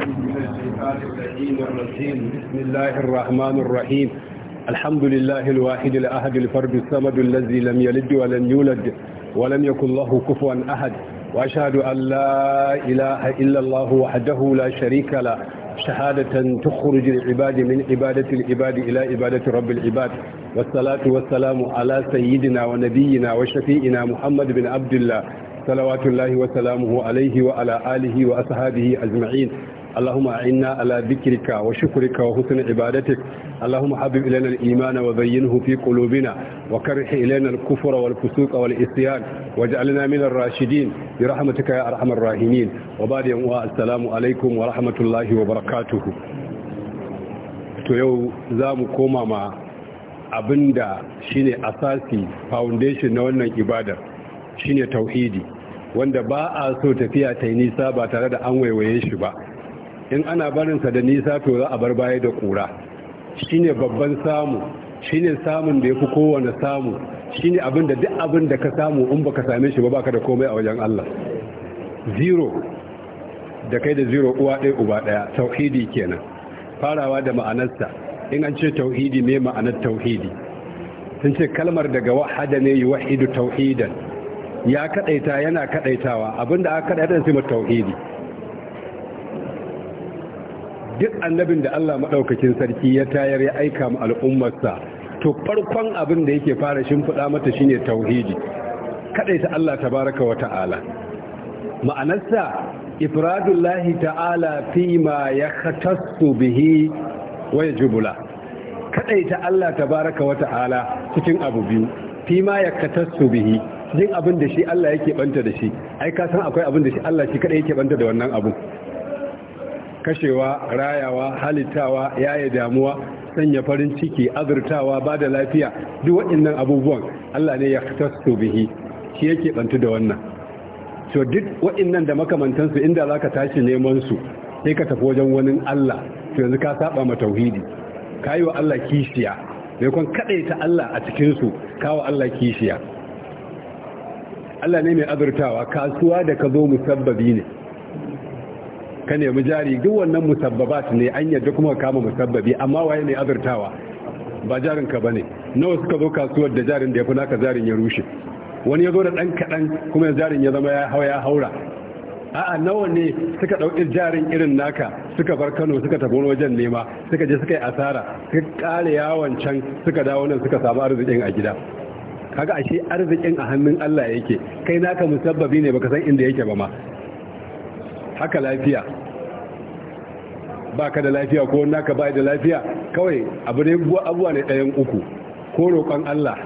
بسم الله الرحمن الرحيم الحمد لله الواحد الأحد الفرد الصمد الذي لم يلد ولم يولد ولم يكن له كفوا أحد وأشهد أن لا إله إلا الله وحده لا شريك له شهادة تخرج العباد من عبادة العباد إلى عبادة رب العباد والصلاة والسلام على سيدنا ونبينا وشفيئنا محمد بن عبد الله صلوات الله وسلامه عليه وعلى آله وأصحابه أجمعين اللهم أعنا على ذكرك وشكرك وحسن عبادتك اللهم حبب إلينا الإيمان وزينه في قلوبنا وكره إلينا الكفر والفسوق والإسيان واجعلنا من الراشدين برحمتك يا أرحم الراحمين وبعد يوم السلام عليكم ورحمة الله وبركاته to yau za mu koma ma abinda shine asasi foundation na wannan ibadar shine tauhidi wanda ba a so tafiya ta yi nisa ba tare da an waiwaye shi ba in ana barinsa da nisa to za a bar baya da ƙura shine babban samu shine samun da ya fi kowane samu shine abin da duk abin da ka samu in baka same shi ba baka da komai a wajen Allah zero da kai da zero uwa ɗaya uba ɗaya tauhidi kenan farawa da ma'anarsa in an ce tauhidi ne ma'anar tauhidi sun ce kalmar daga wahada ne yi wahidu tauhidan ya kaɗaita yana abin da aka kadaita sai mu tauhidi duk annabin da Allah maɗaukakin sarki ya tayar ya aika mu al'ummarsa to farkon abin da yake fara shimfiɗa mata shine tauhidi ta Allah tabaraka wa ta'ala ma'anarsa ifradullahi ta'ala fi ma yahtassu bihi wa yajbula kadaita Allah tabaraka wa ta'ala cikin abu biyu fi ma yahtassu bihi jin abin da shi Allah yake banta da shi ai ka san akwai abin da shi Allah shi kadai yake banta da wannan abu kashewa rayawa halittawa yaya damuwa sanya farin ciki azurtawa ba da lafiya duk waɗannan abubuwan Allah ne ya tasto bihi shi yake bantu da wannan to duk waɗannan da makamantansu inda ka tashi neman su sai ka tafi wajen wani Allah to yanzu ka saba ma tauhidi Ka yi wa Allah kishiya mai kon ta Allah a cikinsu, ka kawo Allah kishiya Allah ne mai azurtawa kasuwa da ka zo musabbabi ne ka nemi jari duk wannan musabbabat ne an yadda kuma kama musabbabi amma waye ne azurtawa ba jarin ka bane nawa suka zo kasuwar da jarin da ya fi naka jarin ya rushe wani ya zo da ɗan kaɗan kuma jarin ya zama ya hawa ya haura a'a nawa ne suka dauki jarin irin naka suka bar kano suka tafi wani wajen nema suka je suka yi asara suka kare yawon can suka dawo nan suka samu arzikin a gida kaga ashe arzikin a hannun Allah yake kai naka musabbabi ne baka san inda yake ba ma haka lafiya ba ka da lafiya ko naka ba da lafiya kawai abu ne abuwa ne ɗayan uku ko roƙon Allah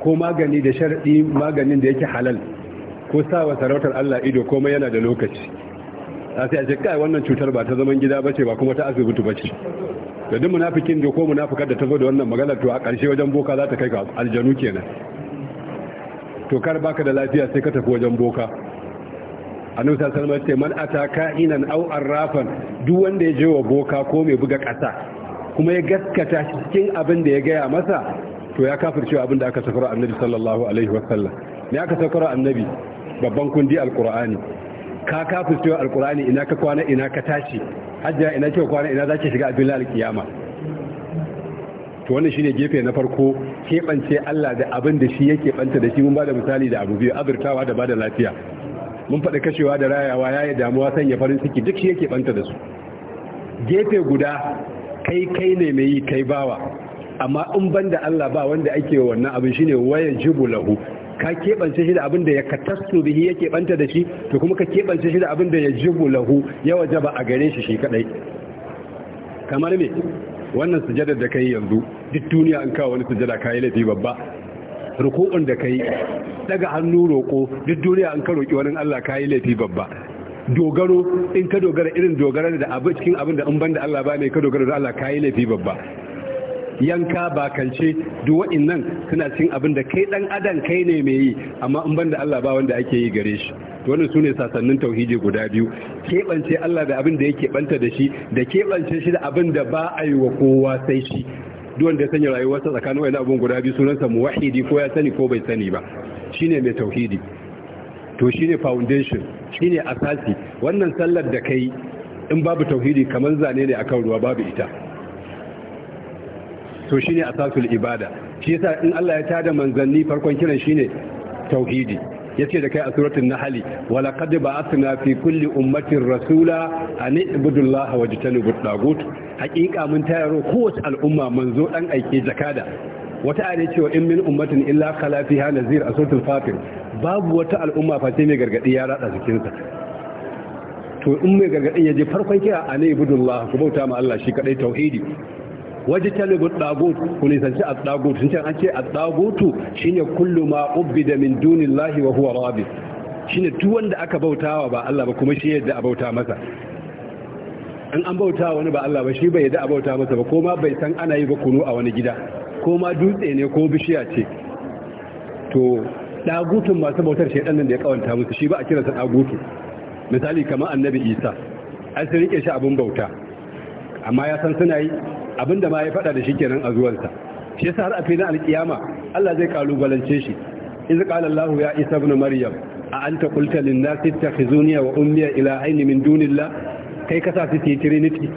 ko magani da sharɗi maganin da yake halal ko sawa sarautar Allah ido komai yana da lokaci a sai a ce kai wannan cutar ba ta zaman gida ba ce ba kuma ta asibiti ce da duk munafikin da ko munafikar da ta zo da wannan magana to a ƙarshe wajen boka za ta kai ka aljanu kenan to kar baka da lafiya sai ka tafi wajen boka annabi sallallahu alaihi wasallam man ata ka'inan aw arrafan duk wanda ya je wa boka ko mai buga ƙasa kuma ya gaskata cikin abin da ya gaya masa to ya kafircewa abin da aka safara annabi sallallahu alaihi wasallam ne aka safara annabi babban kundi alqur'ani ka kafircewa alqur'ani ina ka kwana ina ka tashi hajja ina ke kwana ina zaki shiga abin kiyama? to wannan shine gefe na farko keɓance Allah da abin da shi yake banta da shi mun bada misali da abu biyu abirtawa da bada lafiya mun faɗi kashewa da rayawa ya yi damuwa sanya farin ciki duk shi yake ɓanta da su gefe guda kai kai ne mai yi kai bawa amma in ban da Allah ba wanda ake wannan abin ne waya jibu lahu ka keɓance shi da abin da ya katastu bihi ya ɓanta da shi to kuma ka keɓance shi da abin da ya jibu lahu ya waje ba a gare shi shi kaɗai kamar me wannan sujadar da ka yi yanzu duk duniya in kawo wani sujada ka yi laifi babba rukun da kai daga hannu roƙo duk duniya an ka roƙi wani Allah ka yi laifi babba dogaro in ka dogara irin dogara da abu cikin abin da in banda Allah ba ne ka dogara da Allah ka yi laifi babba yanka bakance duk nan suna cikin abin da kai dan adam kai ne mai yi amma in banda Allah ba wanda ake yi gare shi wannan sune sasannin tauhidi guda biyu keɓance Allah da abin da yake banta da shi da keɓance shi da abin da ba a yi wa kowa sai shi duk wanda ya sanya rayuwarsa tsakanin wani abun guda biyu sunansa wahidi ko ya sani ko bai sani ba shine mai tauhidi to shine foundation shine asasi wannan sallar da kai in babu tauhidi kamar zane ne akan ruwa babu ita to shine asasul ibada shi yasa in Allah ya tada manzanni farkon kiran shine tauhidi Ya ce da kai a suratul nahl wala laqad ba'athna fi kulli ummatin rasula an ibudu Allah wa jtanibu tagut haƙiƙa mun tayaro kowace al'umma manzo dan aike jakada wata ayar cewa in min ummatin illa khala fiha nazir a suratul fatir babu wata al'umma fa sai mai gargadi ya rada jikinsa to in mai gargadi ya je farkon kira an ibudullah ku bauta ma Allah shi kadai tauhidi waje talibu dagut ku nisanci a dagut sun ce an ce a dagutu shine kullu ma ubbida min dunillahi wa huwa rabi shine duk wanda aka bautawa ba Allah ba kuma shi yadda a bauta masa an an bauta wani ba Allah ba shi bai yadda a bauta masa ba ko ma bai san ana yi ba kunu a wani gida ko ma dutse ne ko bishiya ce to dagutun masu bautar shaidan nan da ya kawanta musu shi ba a kiransa dagutu misali kamar annabi Isa an sun rike shi abun bauta amma ya san suna yi abinda ma ya fada da shi kenan a zuwansa shi yasa har a filin alkiyama Allah zai kalubalance shi iz qala Allah ya Isa ibn Maryam a anta qulta lin nasi ittakhizuni wa ummi ilahaini min dunillah kai kasa su yi trinity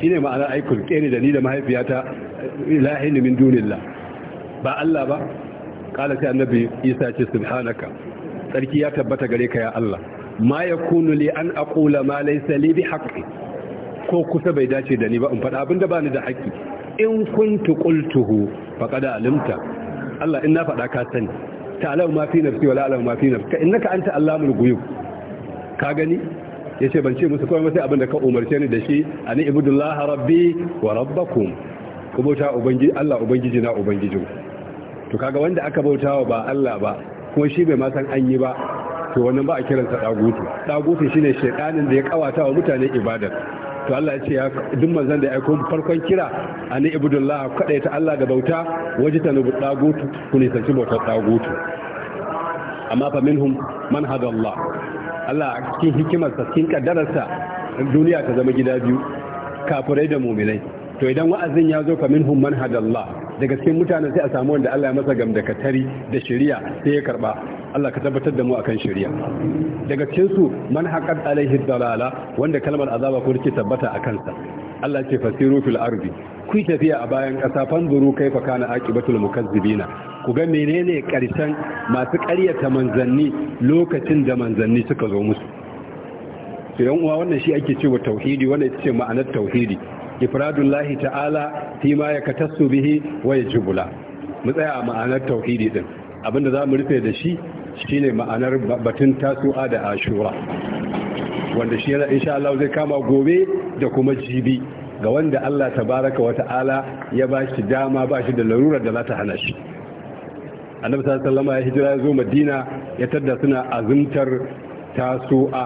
shine ma'ana ai kulke ni da ni da mahaifiyata ilahaini min dunillah ba Allah ba qala sai annabi Isa ce subhanaka sarki ya tabbata gare ka ya Allah ma yakunu li an aqula ma laysa li bihaqqi ko kusa bai dace da ni ba in faɗa abinda ba ni da haƙƙi in kuntu qultuhu faqad alimta Allah in na faɗa ka sani ta'lamu ma fi nafsi wa la a'lamu ma fi nafsi innaka anta allamul ghuyub ka gani yace ban ce musu kawai sai abinda ka umarce ni da shi ani ibudullah rabbi wa rabbakum ku bauta Allah ubangiji na ubangiji to kaga wanda aka bautawa ba Allah ba kuma shi bai ma san an yi ba to wannan ba a kiransa dagutu dagutu shine shedanin da ya kawata wa mutane ibadar to Allah ya ce ya duk manzon da ya aiko farkon kira an ibudullah kada ta Allah da bauta waje ta nubu dagutu ku ne sanci bautar dagutu amma fa minhum man hada Allah Allah cikin hikimarsa cikin kaddararsa duniya ta zama gida biyu kafirai da mu'minai to idan wa'azin ya zo fa minhum man hada Allah daga cikin mutanen sai a samu wanda Allah ya masa gam da shari'a sai ya karba Allah ka tabbatar da mu akan shari'a daga cikin su man haqqat alaihi dalala wanda kalmar azaba ko take tabbata akan sa Allah ce fasiru fil ardi ku tafiya a bayan kasa fanzuru kaifa kana aqibatul mukazzibina ku ga menene karshen masu ƙaryata manzanni lokacin da manzanni suka zo musu to yan uwa wannan shi ake cewa tauhidi wannan ita ce ma'anar tauhidi ifradullahi ta'ala fi ma yakatassu bihi wa yajibula mu tsaya a ma'anar tauhidi din abinda zamu rufe da shi shine ma'anar batun tasu'a da ashura wanda shi yana insha Allah zai kama gobe da kuma jibi ga wanda Allah tabaraka wa ta'ala ya bashi dama bashi da larurar da za ta hana shi annabi sallallahu ya hijira ya zo madina ya tadda suna azumtar tasu'a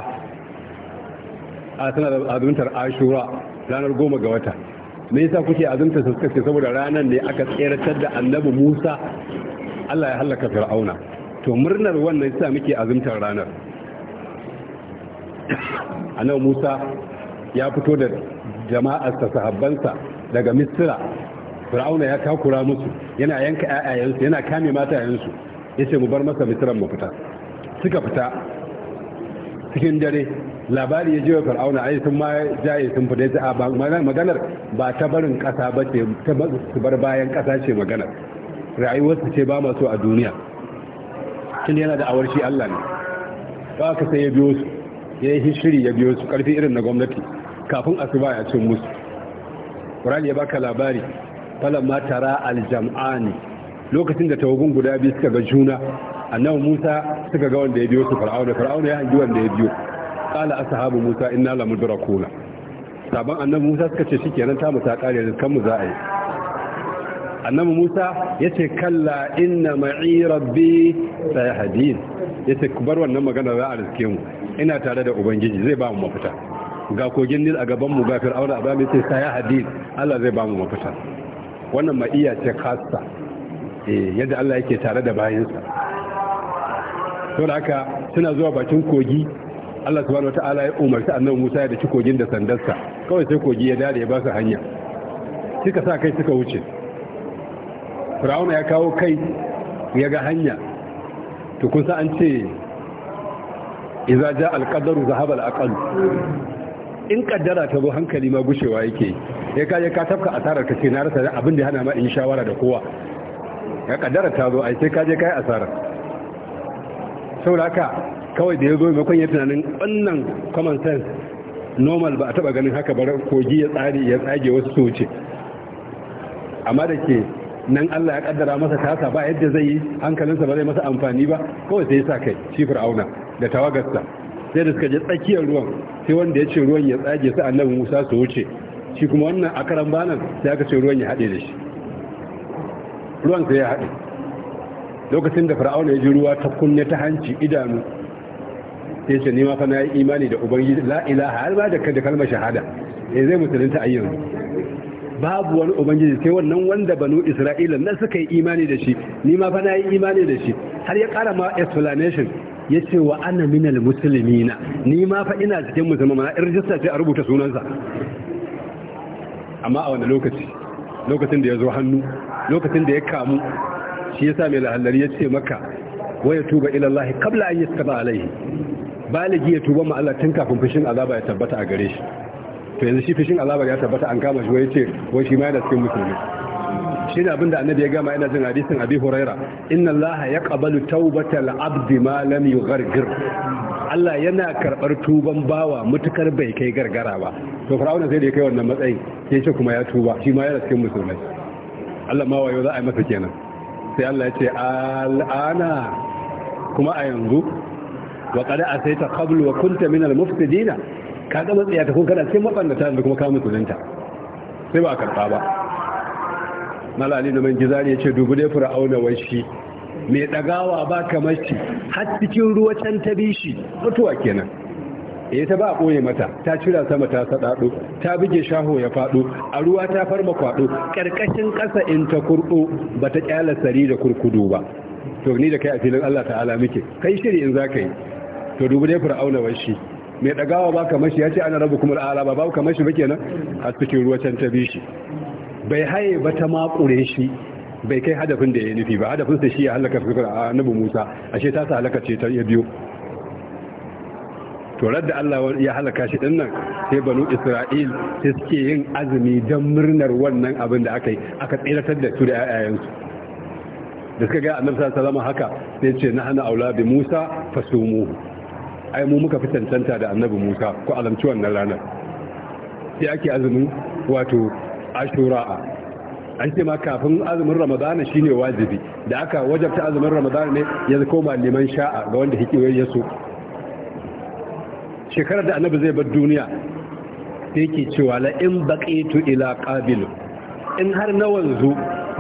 a azumtar ashura ranar goma ga wata me yasa kuke azumta su suka ce saboda ranar ne aka tseratar da annabi Musa Allah ya halaka Fir'auna to murnar wannan yasa muke azumtar ranar annabi Musa ya fito da jama'arsa sahabbansa daga misira Fir'auna ya kakura musu yana yanka ayayansu yana kame mata 'yansu ya ce mu bar masa misiran mu fita suka fita cikin dare labari ya jiwa fir'auna ai sun ma jaye sun fita ta maganar ba ta barin kasa ba ce ta bar bayan kasa ce maganar rayuwarsu ce ba so a duniya tun yana da awarshi, Allah ne ba ka sai ya biyo su ya yi shiri ya biyo su karfi irin na gwamnati kafin a asuba ya cin musu Qur'ani ya baka labari falon ma tara aljam'ani lokacin da tawagun guda biyu suka ga juna annabi Musa suka ga wanda ya biyo su Fir'auna Fir'auna ya hangi wanda ya biyo qala ashabu Musa inna la mudrakuna saban annabi Musa suka ce shikenan ta mu ta kare rizkan mu za a yi annabi Musa yace kalla inna ma'i rabbi sayahdin yace ku bar wannan magana za a riske mu ina tare da ubangiji zai ba mu mafita ga kogin Nil a gaban mu ga Fir'auna a bayan yace sayahdin Allah zai ba mu mafita wannan ma'iya ce khassa eh yadda Allah yake tare da bayinsa to da haka suna zuwa bakin kogi Allah subhanahu wataala ya umarci annabi Musa ya dace kogin da sandarsa kawai sai kogi ya dare ya ba su hanya suka sa kai suka wuce Fir'auna ya kawo kai ya ga hanya to kun sa an ce idza ja al-qadaru zahaba al-aqal in kaddara ta zo hankali ma gushewa yake ya kaje ka tafka asarar ka ce na rasa abin da hana ma in shawara da kowa ya kaddara ta zo ai sai kaje kai asarar da haka kawai da ya zo makon ya tunanin wannan common sense normal ba a taba ganin haka bar kogi ya tsari ya tsage wasu su wuce amma da ke nan Allah ya kaddara masa tasa ba yadda zai yi hankalinsa ba zai masa amfani ba kawai sai ya sa kai shi fir'auna da tawagarsa sai da suka je tsakiyar ruwan sai wanda ya ce ruwan ya tsage su annabi Musa su wuce shi kuma wannan akaran banan sai aka ce ruwan ya haɗe da shi ruwan sai ya hade lokacin da fara'auna ya ji ruwa ta kunne ta hanci idanu ya ce nema fa na yi imani da ubangiji la ilaha har ma da kalmar shahada eh zai musulunta a yanzu babu wani ubangiji sai wannan wanda banu isra'ila na suka yi imani da shi nema fa na yi imani da shi har ya kara ma explanation ya ce wa ana minal musulmina ni ma fa ina cikin musulman mana in rijista ce a rubuta sunansa amma a wani lokaci lokacin da ya zo hannu lokacin da ya kamu shi yasa mai lahallari ya ce maka waya tuba ila Allah kabla an yastaba alaihi baligi ya tuba ma Allah tun kafin fushin azaba ya tabbata a gare shi to yanzu shi fushin azaba ya tabbata an kama shi waya ce wai shi ma yana cikin musulmi shi ne abinda annabi ya gama yana jin hadisin abi huraira inna Allah ya qabalu tawbatal abdi ma lam yughargir Allah yana karɓar tuban bawa mutukar bai kai gargara ba to fir'auna sai da kai wannan matsayin ya ce kuma ya tuba shi ma yana cikin musulmi. Allah ma wayo za a yi masa kenan sai Allah ya ce al'ana kuma a yanzu wa sai ta qabl wa kunta min al dina ka zama tsaye ta kun sai cikin ta da kuma ka musulunta sai ba a karba ba malali da man gizari ya ce dubu dai fir'auna auna shi mai dagawa ba kamar shi har cikin ruwa can ta bi shi mutuwa kenan ya eh, ta ba a ɓoye mata ta cira sama ta saɗaɗo ta buge shaho ya faɗo a ruwa ta farma kwaɗo ƙarƙashin ƙasa in ta kurɗo ba ta ƙyala sari da kurkudu ba to ni da kai a filin Allah ta'ala muke kai shiri in za ka yi to dubu dai fir'auna washi mai ɗagawa ba ka mashi ya ce ana rabu kuma ala ba ba ka mashi ba kenan a cikin ruwa can ta bi shi bai haye ba ta makure shi bai kai hadafin da ya nufi ba hadafinsa shi ya halaka fir'auna Musa ashe ta sa halaka ce ta biyo to da Allah ya halaka shi din nan sai banu Isra'il sai suke yin azumi don murnar wannan abin da aka yi aka tsiratar da su da ƴaƴayensu da suka ga annabi sallallahu alaihi haka sai ce na hana aula bi Musa fasumu ai mu muka fi tantanta da annabi Musa ko alamci wannan ranar sai ake azumin wato ashura'a an ce ma kafin azumin ramadana shine wajibi da aka wajabta azumin ramadana ne ya koma liman sha'a ga wanda hikiyar yaso shekarar da annabi zai bar duniya da yake cewa la in baqitu ila qabil in har na wanzu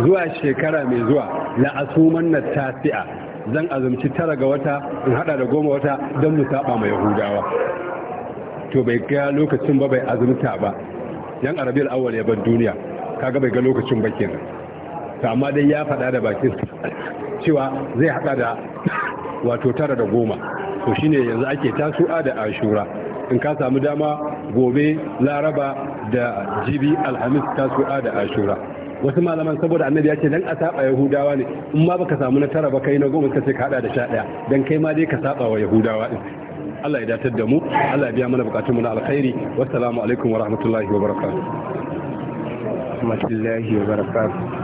zuwa shekara mai zuwa la asuman na tasi'a zan azumci tara ga wata in hada da goma wata don mu saba ma yahudawa to bai ga lokacin ba bai azumta ba yan arabiyar awwal ya bar duniya kaga bai ga lokacin ba kenan to amma dai ya faɗa da bakin cewa zai hada da wato tara da goma to shine yanzu ake tasu'a da ashura in ka samu dama gobe laraba da jibi alhamis tasu'a da ashura wasu malaman saboda annabi ya ce dan a saba yahudawa ne in ma baka samu na tara ba kai na goma kace ka hada da sha daya dan kai ma dai ka saba wa yahudawa din Allah ya datar da mu Allah ya biya mana mu na alkhairi wassalamu alaikum wa rahmatullahi wa barakatuh